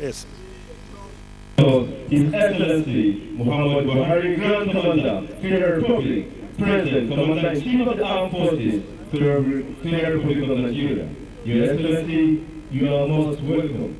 Yes. His Excellency Muhammad Buhari, Grand Commander, Federal Republic, President, Commander-in-Chief of the Armed Forces, Federal Republic of Nigeria. Your Excellency, you are most welcome.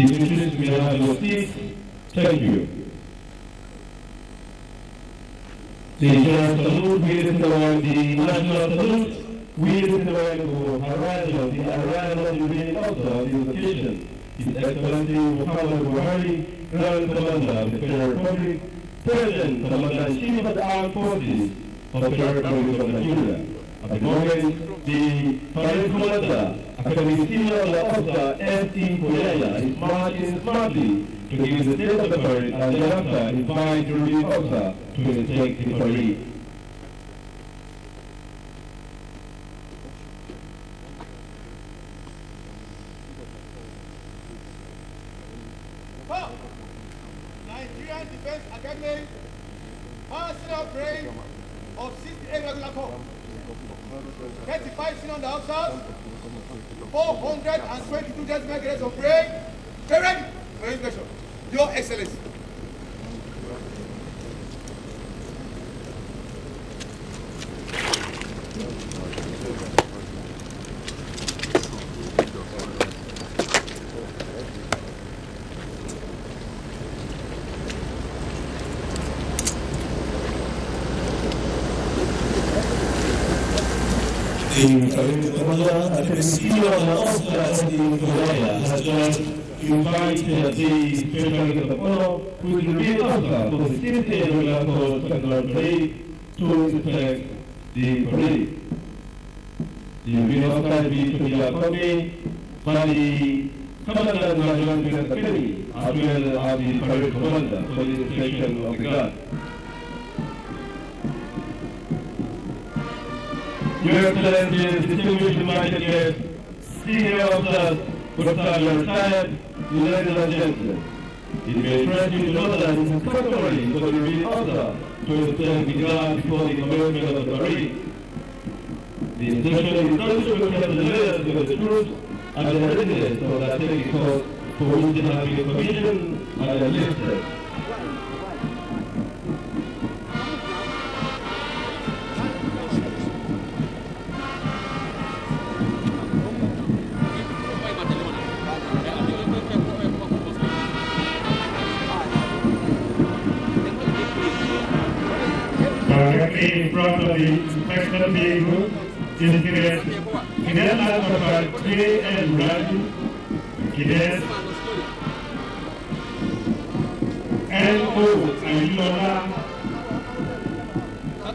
Dignitaries may have your Thank you. The International Salute, we listen the National Salute, we listen to the the arrival of the Union also on this occasion. Excellency Muhammad Buhari, Grand Commander of the Federal Republic, President, Commander-in-Chief of the Armed Forces of the Federal Republic of Nigeria. At the moment, the Federal Commander Attorney Senior Law Officer S.E. is marching smartly to give the state of the parade and thereafter is by to the officer to take the parade. Allah and the Messenger and also as the Hidayah has just invited the people of the Quran who will be the same day we are called Kandarabri to effect the parade. The winner can be to be accompanied by the Commander of the Academy as well as the parade commander for the selection of the Your Excellencies, distinguished invited guests, senior officers, Professor Retired, ladies and gentlemen. It may interest you to know that it is customary for the real author to extend the guard before the commencement of the parade. The intention is not to look at the letters with the troops and the residents of that taking course for which they have been commissioned and enlisted. in front of the inspection vehicle is Kines. Kines al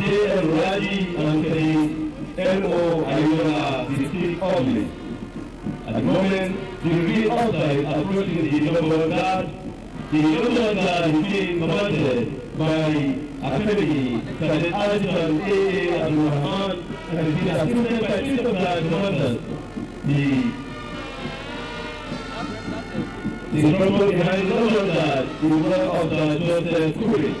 J.M. Raji and M.O. Ayura District Office. At the moment, the real officer is approaching the number guard. The number guard is being commanded by academy that is Admiral A. Abdul Rahman and is assisted by Chief of the Commanders. The the trouble behind all of that is one of the Joseph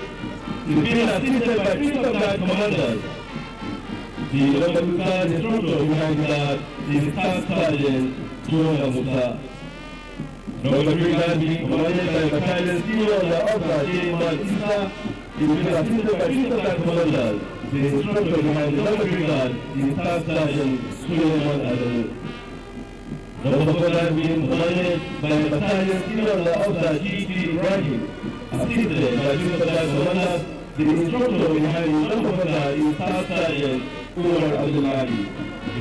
He's being assisted by three of commanders. The local instructor behind the Staff Sergeant Kiyoda Musa. Local brigade is commanded by Battalion Kiyoda Officer J. Isa is being assisted by three of commanders. The instructor behind the local brigade the Staff Sergeant Suleiman Adamu. Local brigade being commanded by Battalion Kiyoda Officer G. T. Ibrahim, assisted by three of commanders. The instructor behind the Lopopata is Staff Sergeant Umar Abdullahi.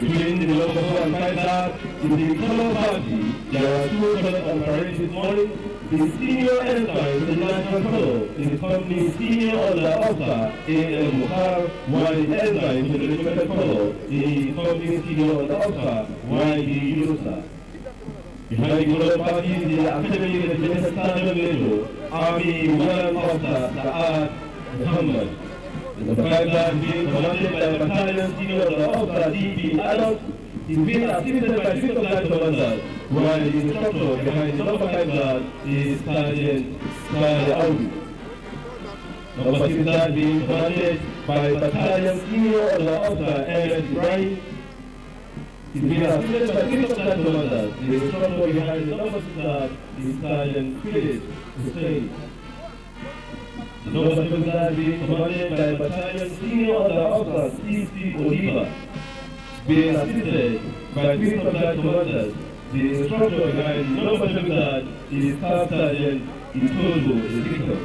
Between the Lopopata and Kaisa, in the common party, there are two shots on parade this morning. The senior ensign in the National Color is the company's senior order officer, A.M. Mukhar, while the ensign in the Regimental Color is the company's senior order officer, Y.D. Yunusa. Behind the Global Party is the Academy of the Standard Major, Army Women Officer, the Art, Muhammad. The program being commanded by the battalion senior of the officer DP Adolf is being assisted by six of that commanders, while the instructor behind the number five guard is Sergeant Sadi Audi. Number six guard being commanded by battalion senior of the officer Ernest Ibrahim is being assisted by six of that commanders, the instructor behind the number six guard is Sergeant Philip Hussein. Nova Secondary commanded by Battalion Senior Under Officers E.C. Oliva, being assisted by three supply commanders. The instructor behind Nova Secondary is Staff Sergeant Itojo Ezekiel.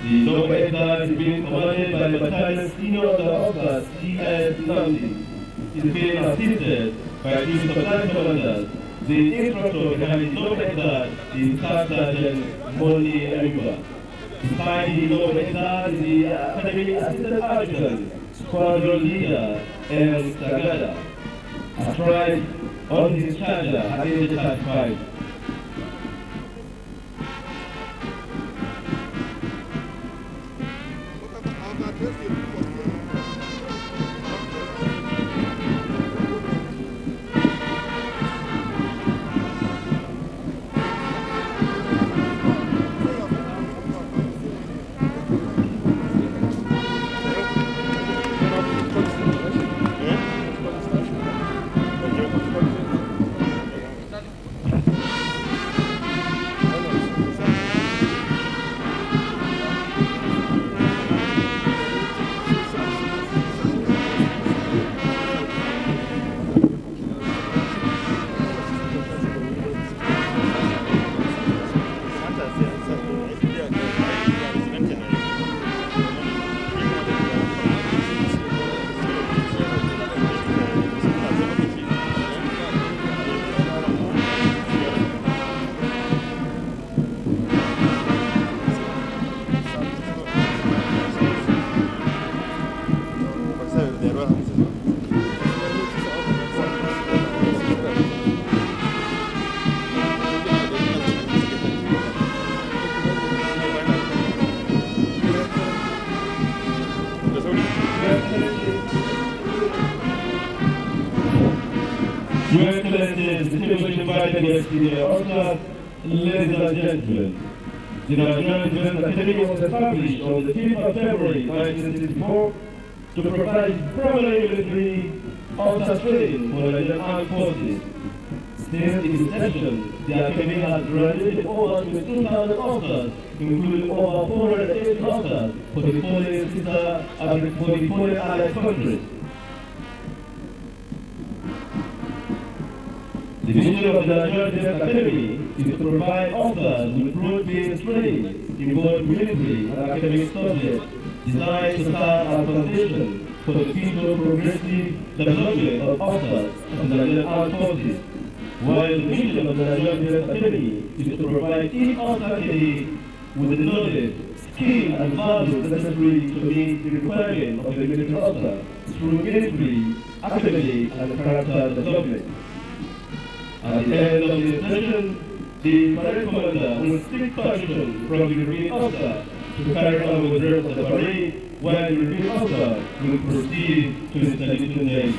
The Nova Secondary is being commanded by Battalion Senior Under Officers E.S. Samson. Is being assisted by two supply commanders. The instructor behind Nova Secondary is Staff Sergeant Moni Ayuba by the Lomeda, the Academy Assistant Adjutant, Squadron Leader, M. Sagada. Astride on his charger at age 35. the distinguished invited guests also ladies and gentlemen. The Academy was established on the 5th of February 1964 to provide primary the Armed Forces. Since its inception, the Academy has graduated over 22,000 officers, including over 480 officers for the foreign and for the allied countries. mission of the church's Academy is to provide authors, with broad-based training in both military and academic subjects designed to serve as foundation for the future progressive development of authors of the Nigerian Armed Forces, while the mission of the Nigerian Academy is to provide each author candidate with the knowledge, skill, and values necessary to meet the requirement of the military author through military, academic, and character development. At the end of the session, the parade commander will seek permission from the review officer to carry on with the rest of the parade, while the review officer will proceed to the salutation day.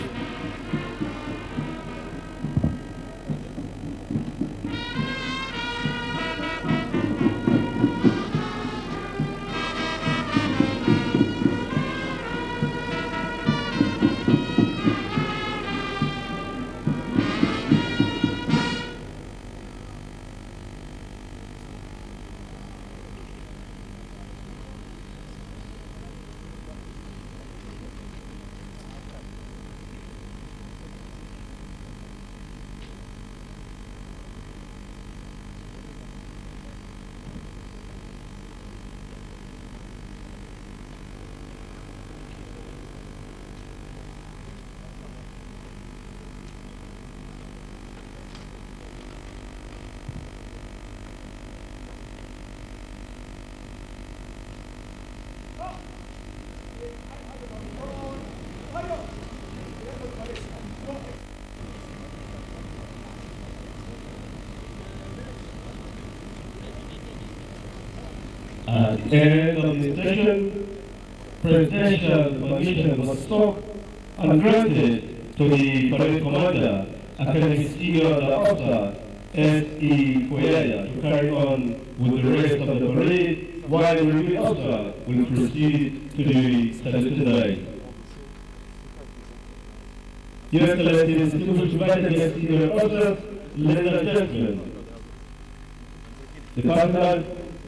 the capital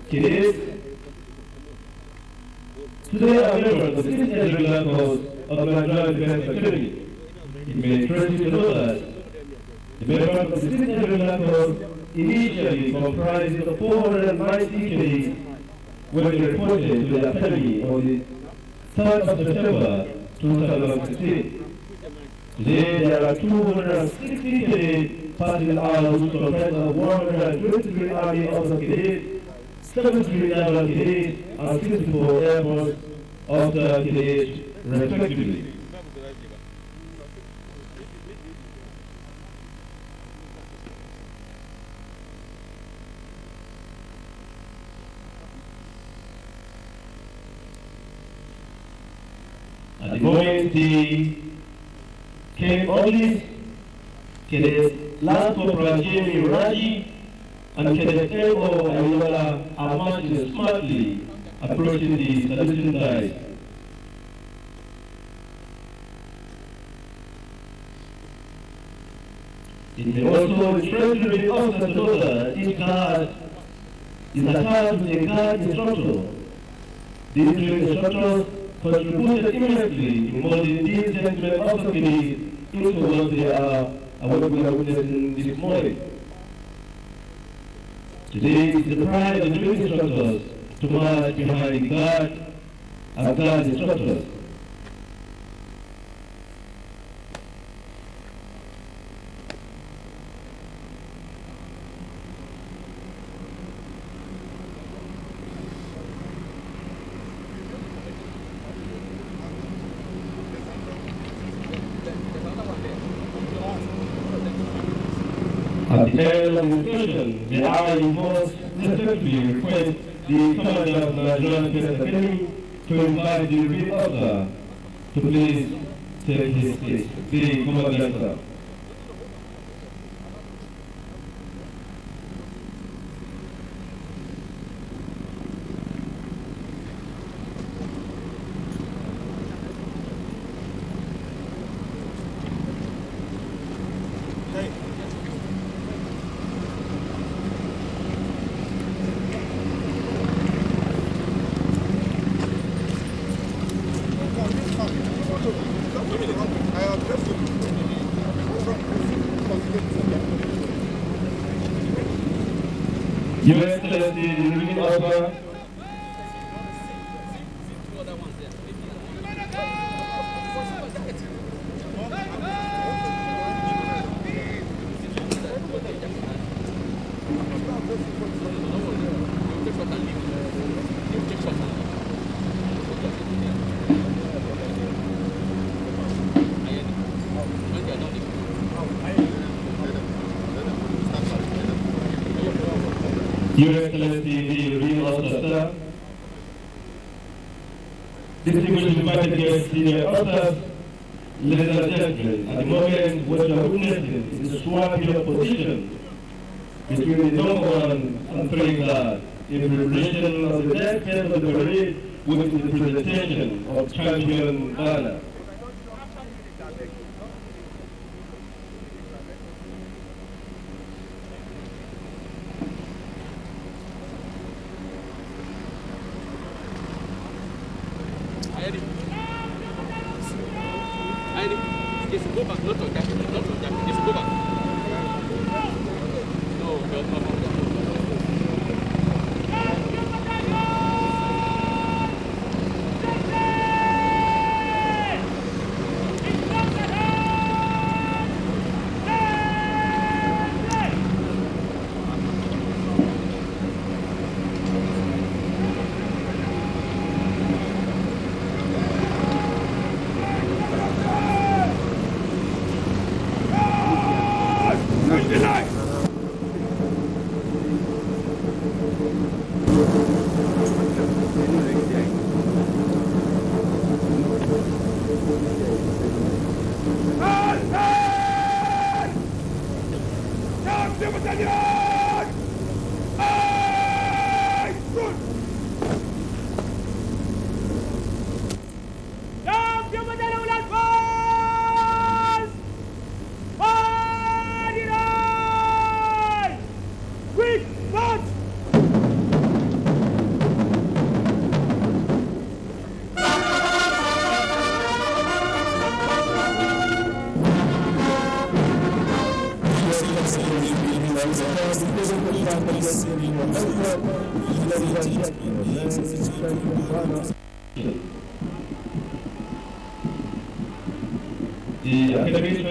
cities. Today, a member of the city's regular cause of Nigeria defense activity. It may interest you to know that the members of the city's regular cause initially comprised of 490 cities when they reported to the assembly on the 3rd of September 2016. Today, there are 260 cities Fadil Allah was comprised of 123 Army officers cadet, 73 naval cadet, and 64 Air Force the cadet, respectively. At the moment, the came police, cadets Last Brajimi Raji and Cadet Ego Ayola are marching smartly approaching the salutation dice. It may also treasury the daughter is guard is attached with a guard instructor. These two instructors contributed immediately in molding these gentlemen of committees into what they are of what we are witnessing this morning. Today is the pride of the instructors to march behind God as God instructors. Capital Administration, the I most respectfully request the Commander of the Nigerian Defense to invite the reporter to please take his seat. Please Commander, sir. Your Excellency, the Real Officer, distinguished invited guests, senior officers, anyway. Just go back, not on that, not on that, just go back. No, God, Papa.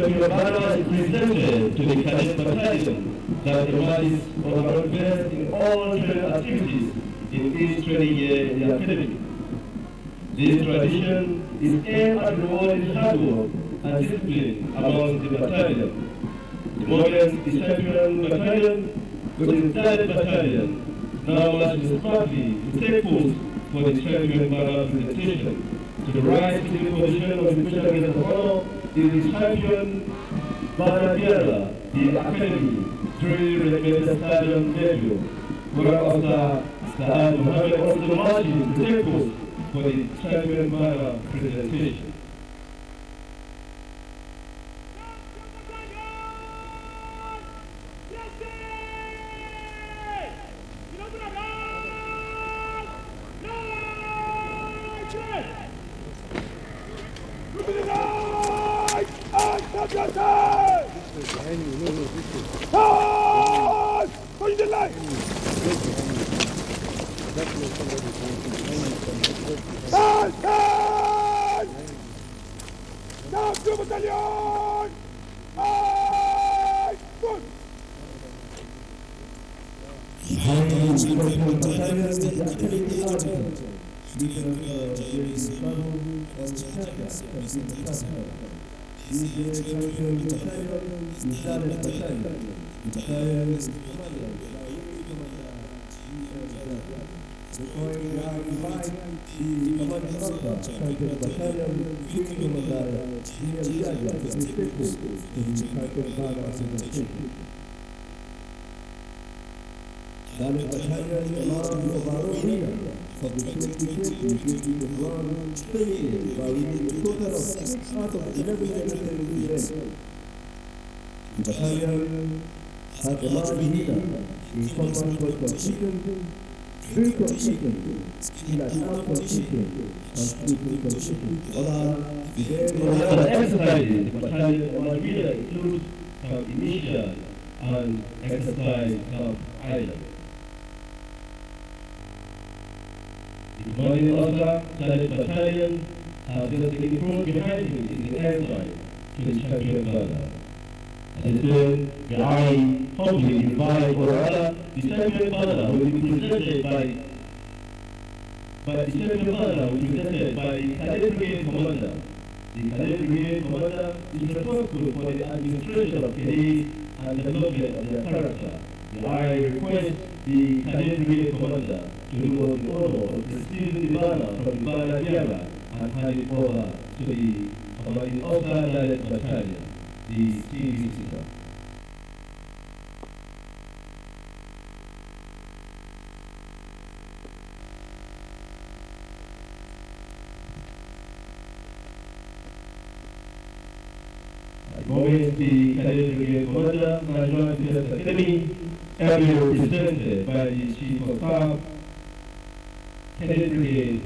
Yoruba is presented to the cadet battalion that provides overall in all training activities in each training year in the academy. This tradition is aimed at rewarding hard work and discipline among the battalion. The modern Ethiopian battalion, with the third battalion, now marches proudly to take post for the Ethiopian banner presentation to the right to the position of the Mission of Honor is championed Madadiela, the Academy, h r e e regulator Stadium debut. Whereafter, s a d Mohamed also marched in the tables for the champion banner presentation. استحال التحايل التحايل ليس بحرية ويقول يا عبد في مضاد الصلاة فجر الضحايا وفي كل الضحايا هي الزيادة في السكر في حاكم قال عن السكر كان الضحايا الإمارة الضرورية فبشوت بشوت بشوت الضرار تبين ضروري تظهر خاطر إلى بلاد المدينة Daher hat Gott wieder die Kosten vollzogen, vollzogen, die Natur vollzogen, das Glück vollzogen. Oder wir werden unsere Exercise, wahrscheinlich immer wieder include some initial and exercise some island. The morning order, Sergeant Battalion, has just been proved behind in the airline to the champion further. And so I hopefully invite or rather the sacred father will presented by but the sacred father will presented by the brigade commander. The cadet brigade commander is responsible for the administration of cadets and development of their character. I request the cadet brigade commander to do us the honor of receiving the banner from the banner bearer and hand it over to the commanding officer battalion the TV station. the Academic Review Commander, National Defense Academy, can be represented by the Chief of Staff, Cadet Brigade,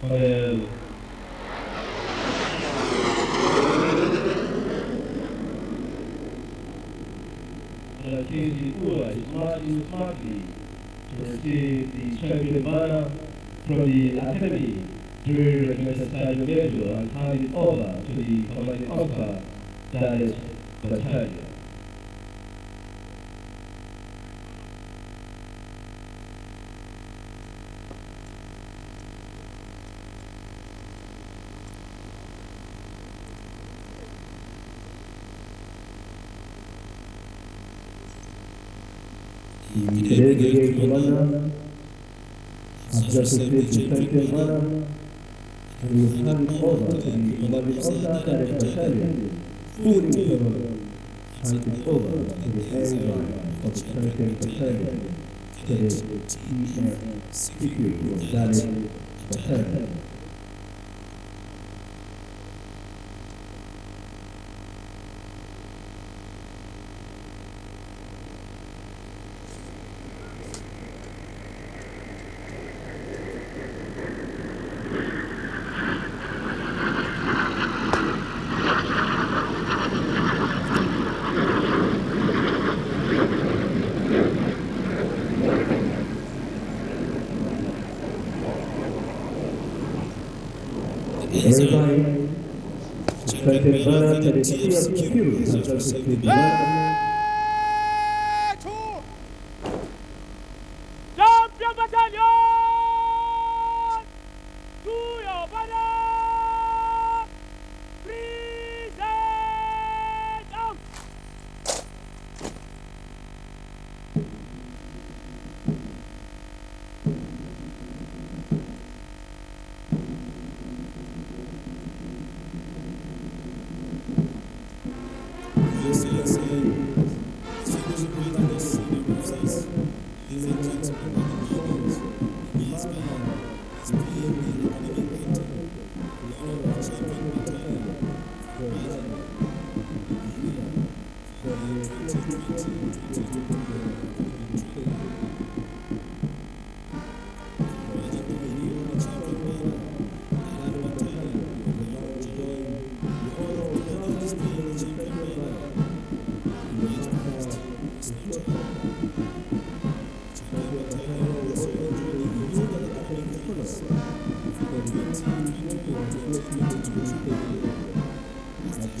Colonel and I think the is marching smartly to receive the champion banner from the Academy during Regimental Sergeant Major and hand it over to the commanding officer, Dallas Battalion. Rwanda have just received the champion honor and will hand to over to the Olympic Osa Director Battalion, who in turn hand it over to the airline of the champion battalion to the TFCQ Battalion. with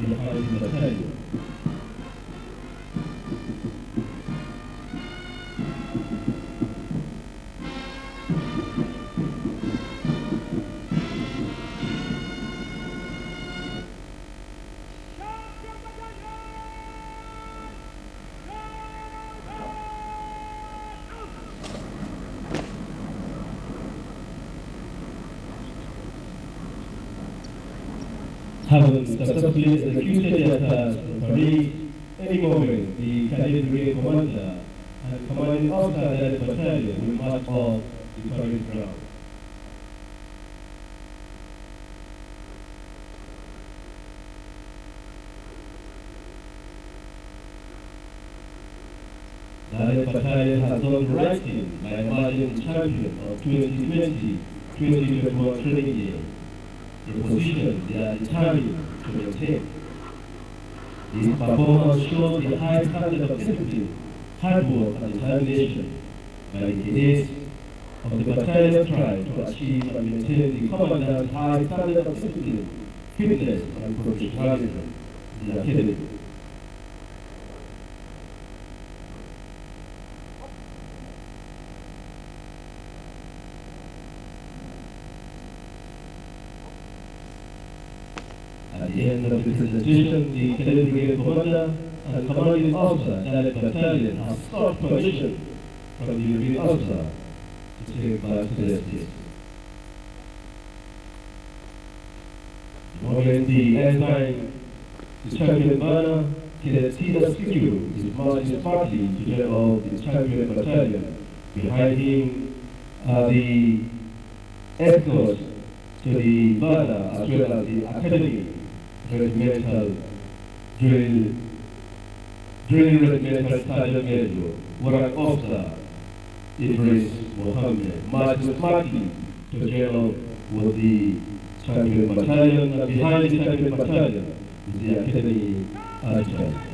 في الحرم الثاني 2020, 2021 trading year, the position that determines to maintain. This performance shows the high standard of discipline, hard work, and determination by the cadets of the battalion tried to achieve and maintain the commandant's high standard of discipline, fitness, and professionalism in the academy. at the end of this edition, the Cadet Brigade Commander and Commanding Officer, Dalek Battalion, have sought permission from the European officer to take back to their state. Honoring the airtime, the champion banner, Cadet TSQ is marching partly to general the champion battalion. Behind him are the escorts to the banner as well as the academy there is mental dealing dealing with mental stadium area where I observe Idris Mohammed, Martin Smarty to jail with the champion battalion and behind the champion battalion is the academy archers.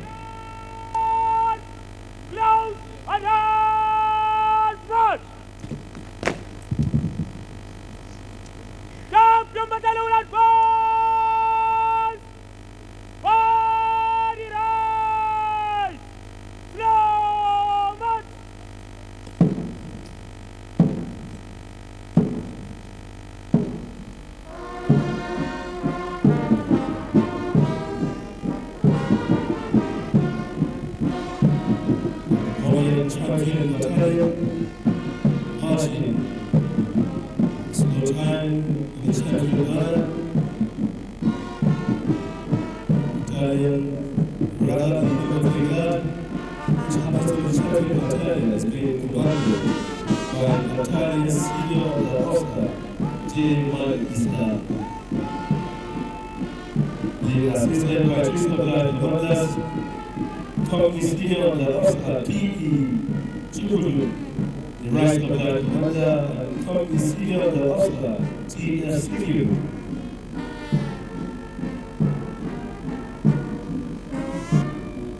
the الفرد السيرة الأصغر تيأسيره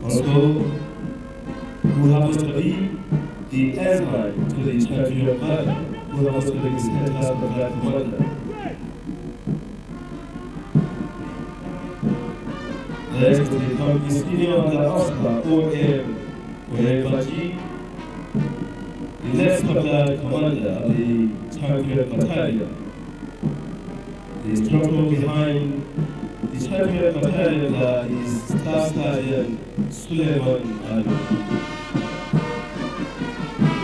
Also, who happens to be the ally to the Inspector General, who happens to be his head husband, Black Mother. Next, we come to the studio of the Oscar, OM, Kulevaji, left of the commander, the champion battalion. The struggle behind the champion battalion that is Star Stallion Suleiman Ali.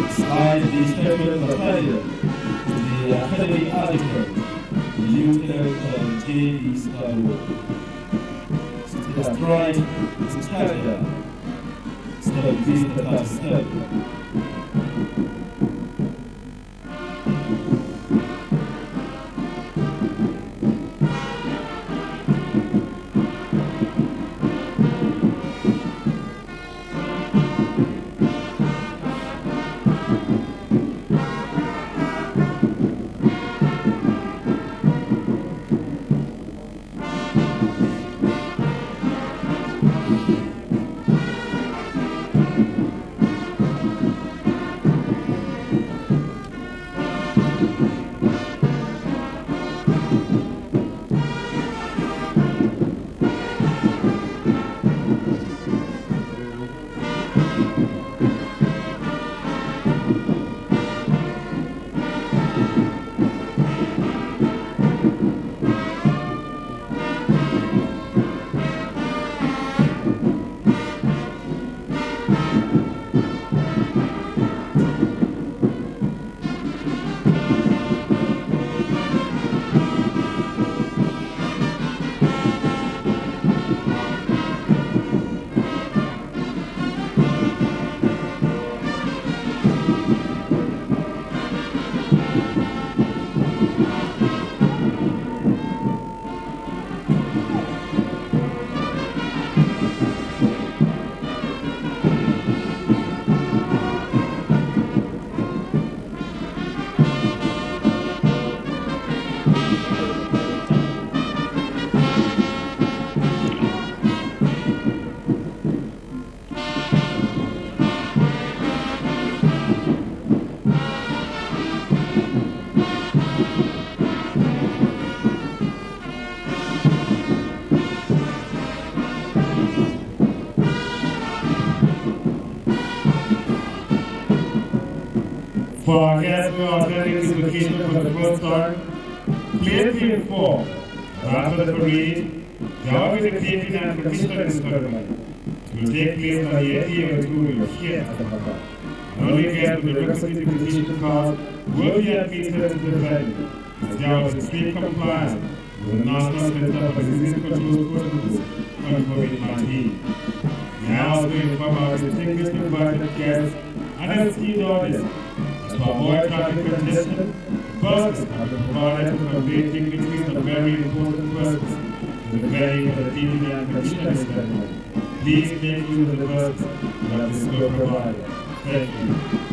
Beside the champion battalion, the academy article, Lieutenant Colonel J.E. Starwood. The strike is Canada, the this is Orgasmo Organic Education for the first time. Creative Form, Rafa the Parade, Geography Creative and Professional Experiment will take place on the 18th of June here at the Haka. Only get the requisite invitation card will be admitted to the venue, as there was strict compliance with the National Center for Disease Control Protocol on COVID-19. Katrina's family. Please make the of the bus that is provide. Thank you.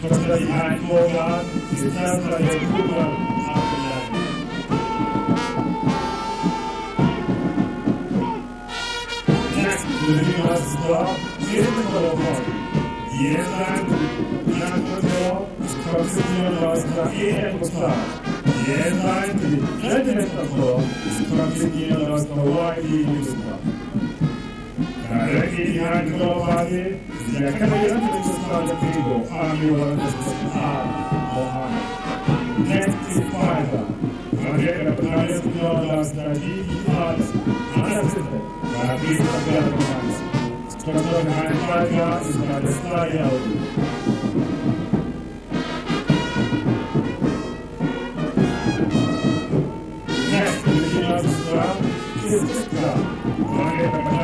Trotz deinem Heilvorrat, wir Freiheit. Проверка прогресс надо стратегии от Ассета. Написано в что Гайдага предстоял. Несколько раз стран и стран. Проверка прогресс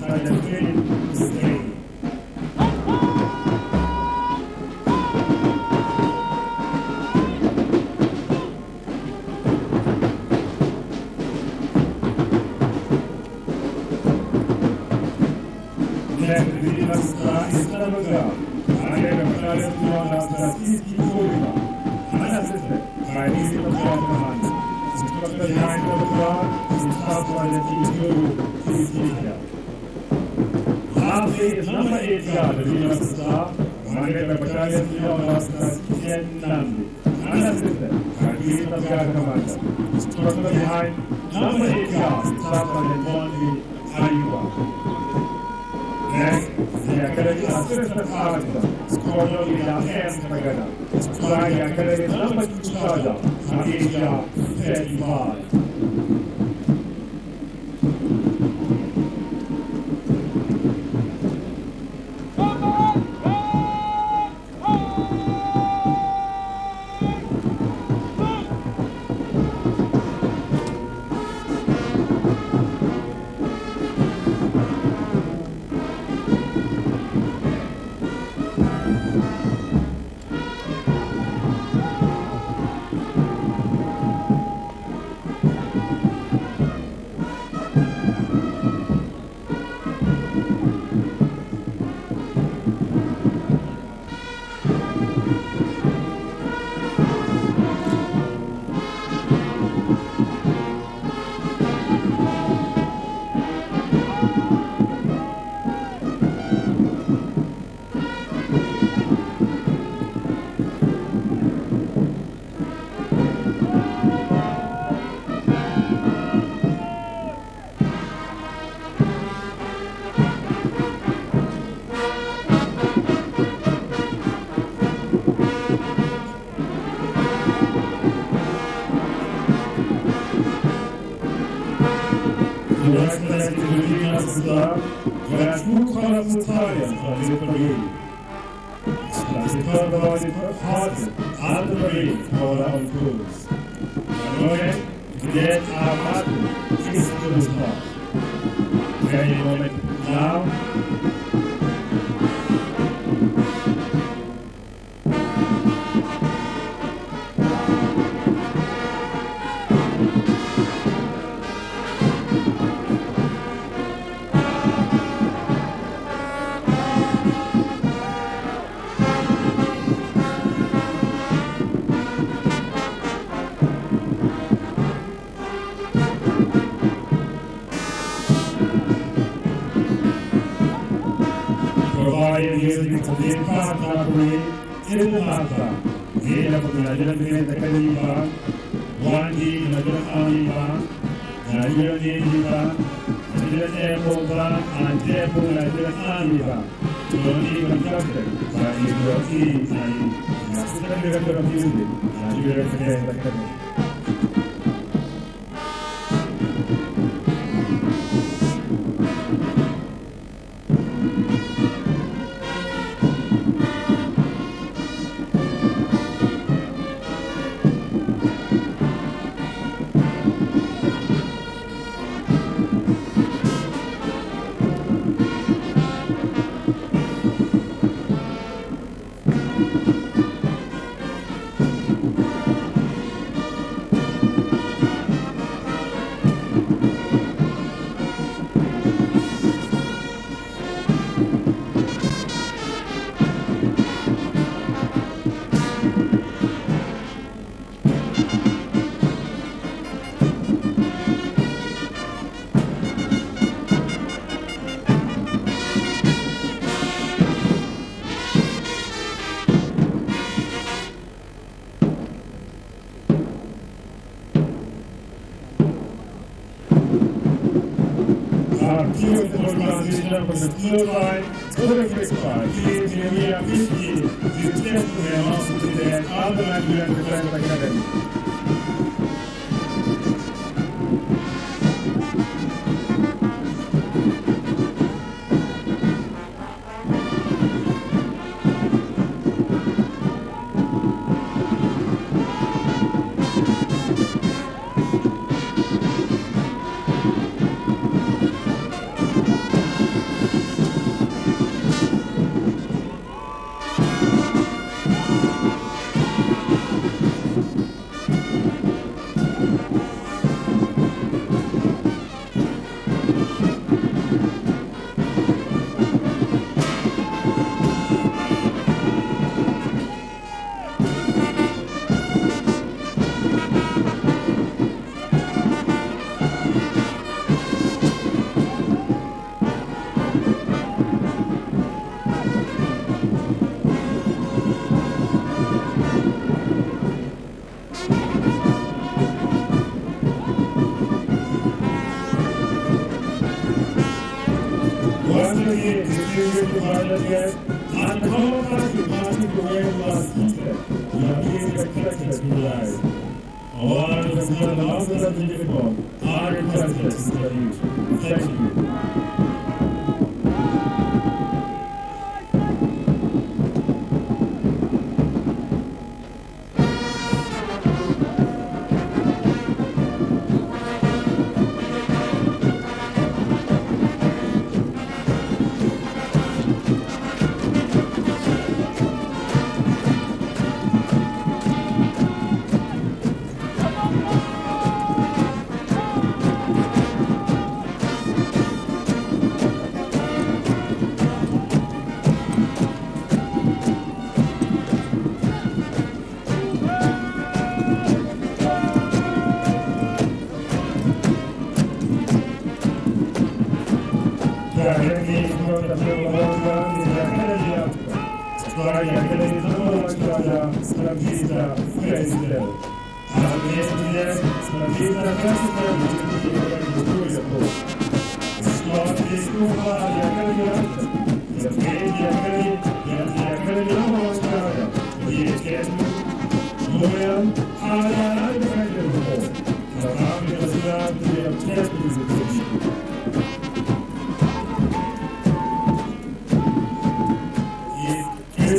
Merci. Huh? Thank you. from the field line to the kick line. guys.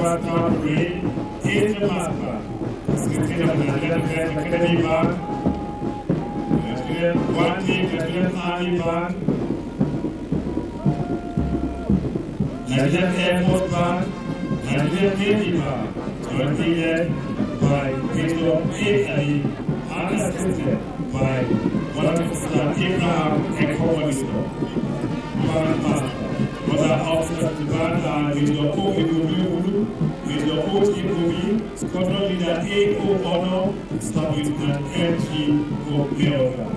quatro, quatro, stability and energy for Georgia.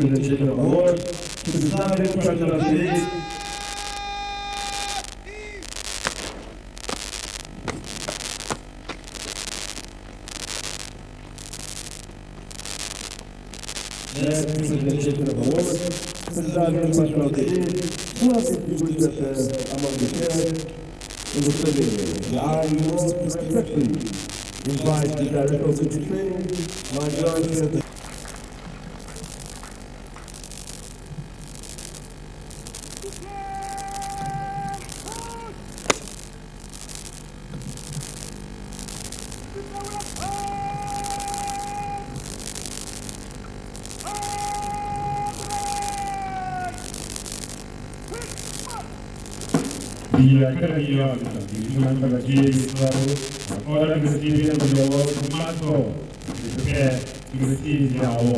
President Jacob Award to the Islamic Project of the Day. Next President Jacob Award to the Islamic Project of the Day. Who are the people that uh, among the chairs in the survey? The IEO respectfully invite the director of the training bila kada yi wa bisa kuma daga jiye tsaro ko daga jiye da yawo kuma so da ke jiye yawo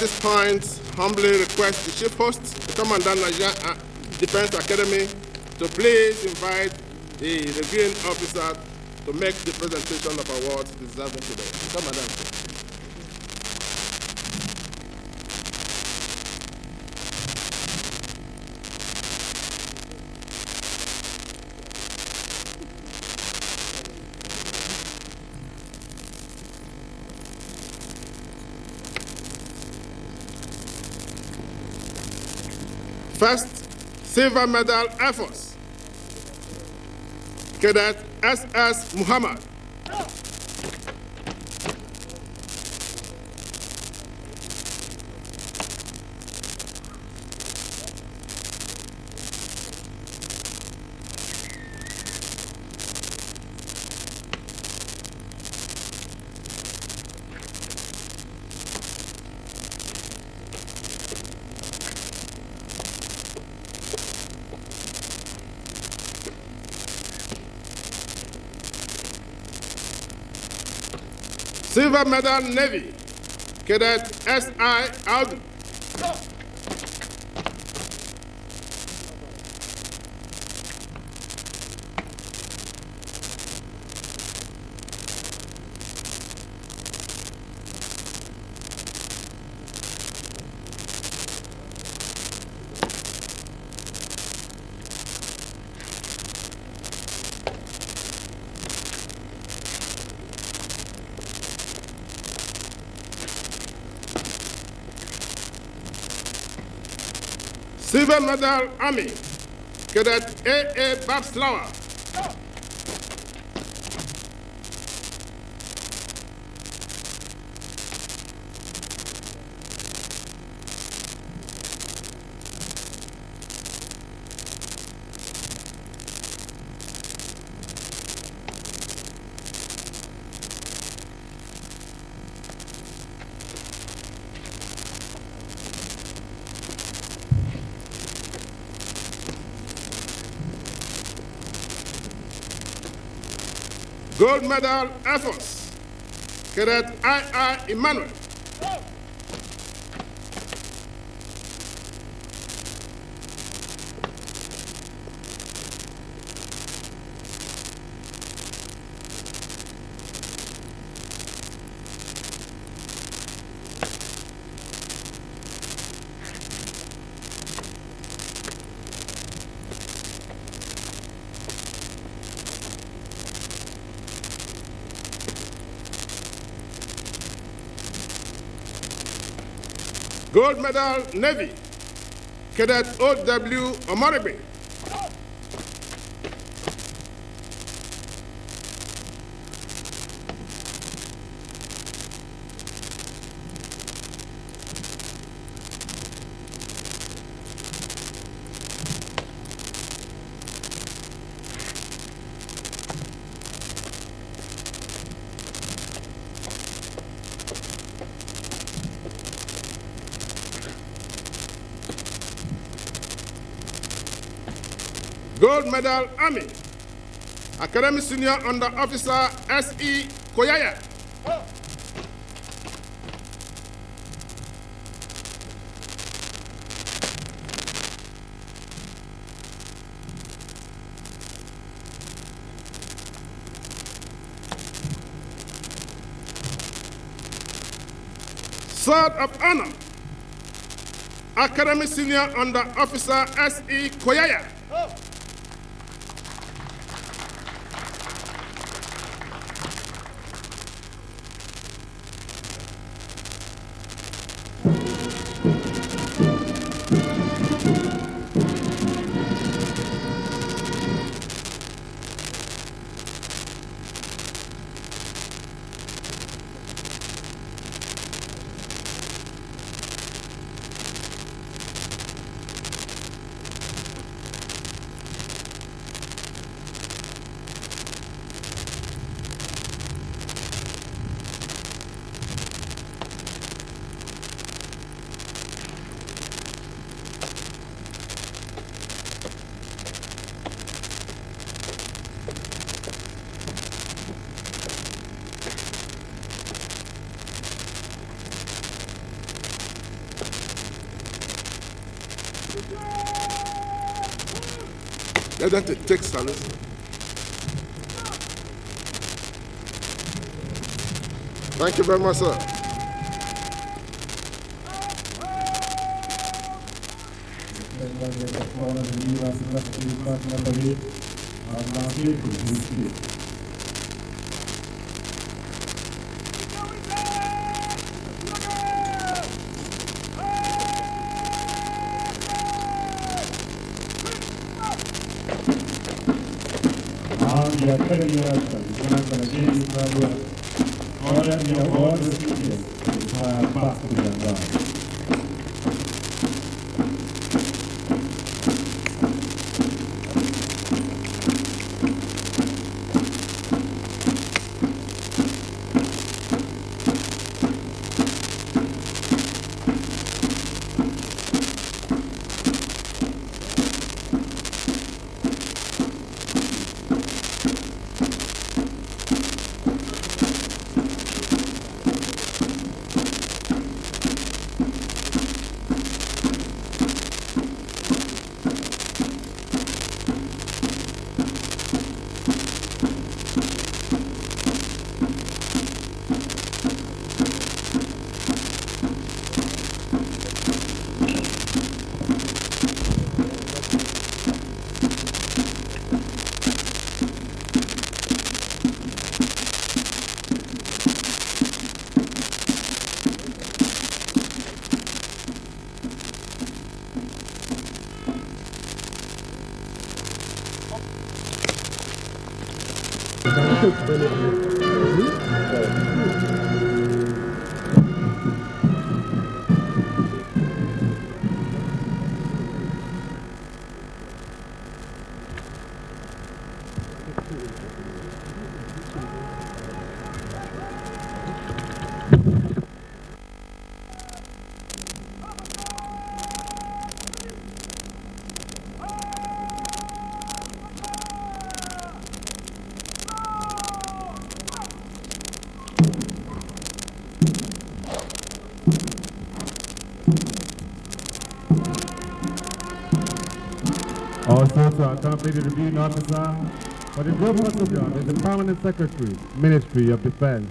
this point humbly request the chief host, the Commandant Niger uh, Defense Academy, to please invite the reviewing officer to make the presentation of awards deserving today. Commandant. First silver medal efforts, Cadet SS Muhammad. Silver medal Navy, Cadet S.I. Alden. Ami, que Cadet E. E. Babslawa, gold medal efforts, Cadet I.I. Emmanuel, Gold medal, Navy. Cadet O.W. Omaribe. Gold Medal Army, Academy Senior Under Officer S.E. Koyaya. Oh. Sword of Honor, Academy Senior Under Officer S.E. Koyaya. Neden te tek sanız? Thank you very much, sir. Thank you. Arkansas Company Tribune, Arkansas, but the Joe Russell job is the prominent secretary, Ministry of Defense.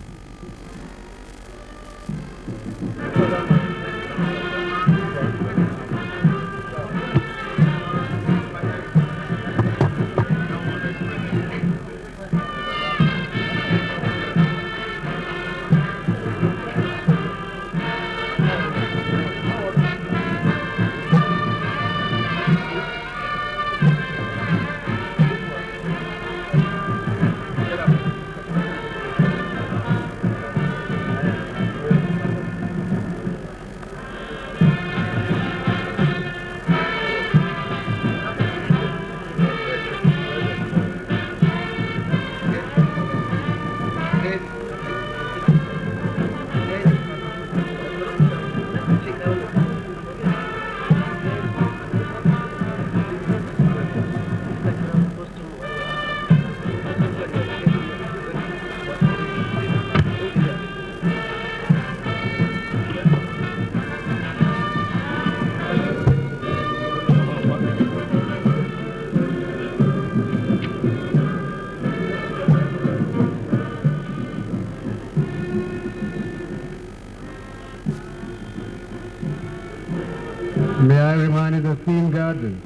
May I remind you the theme Garden.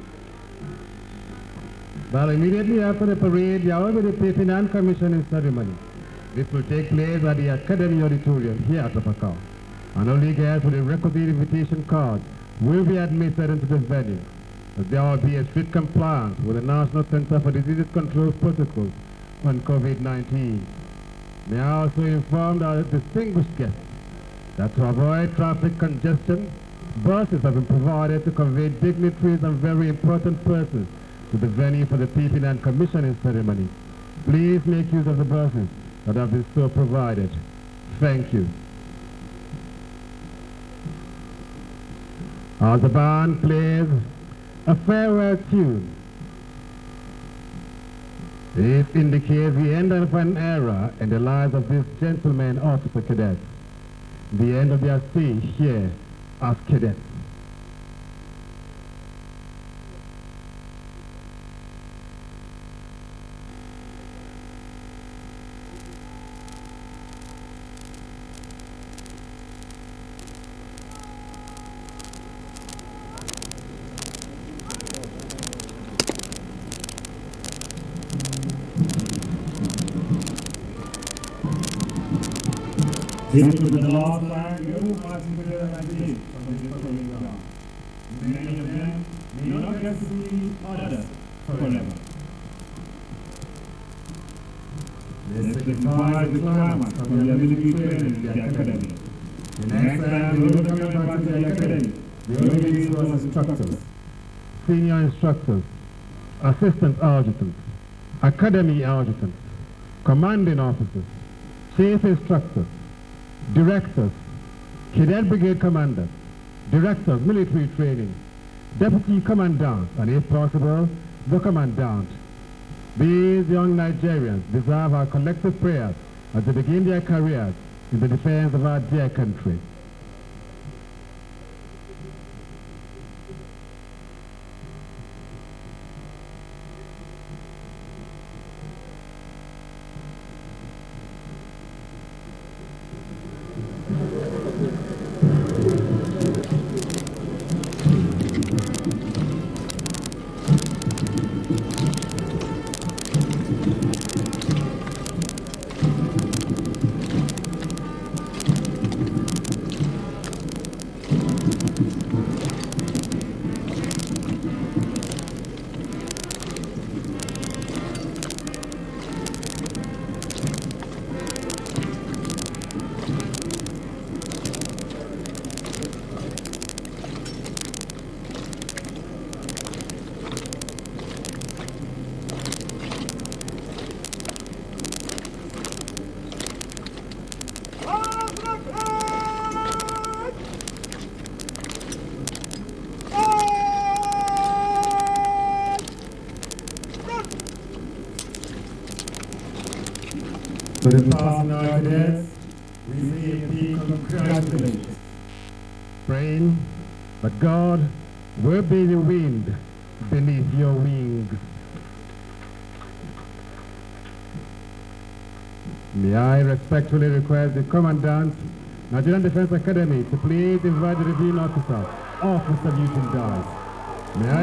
Well, immediately after the parade, there will be the Finance Commissioning ceremony. This will take place at the Academy Auditorium here at Apakau. And only guests with a requisite invitation card will be admitted into this venue. As there will be a strict compliance with the National Center for Disease Control protocols on COVID-19. May I also inform our distinguished guests that to avoid traffic congestion, Buses have been provided to convey dignitaries and very important persons to the venue for the tipping and commissioning ceremony. Please make use of the buses that have been so provided. Thank you. As the band plays a farewell tune, it indicates the end of an era in the lives of these gentlemen officer cadets, the end of their stay here of Kedem. This is the defies requirements from your military training the academy. The next time you don't the academy, the only instructors. Senior instructors, assistant adjutants, academy adjutants, commanding officers, chief instructors, directors, cadet brigade commanders, directors, military training, deputy commandants, and if possible, the commandant these young Nigerians deserve our collective prayers as they begin their careers in the defense of our dear country. respectfully request the Commandant, Nigerian Defense Academy, to please invite the reviewing officer of Mr. Newton I?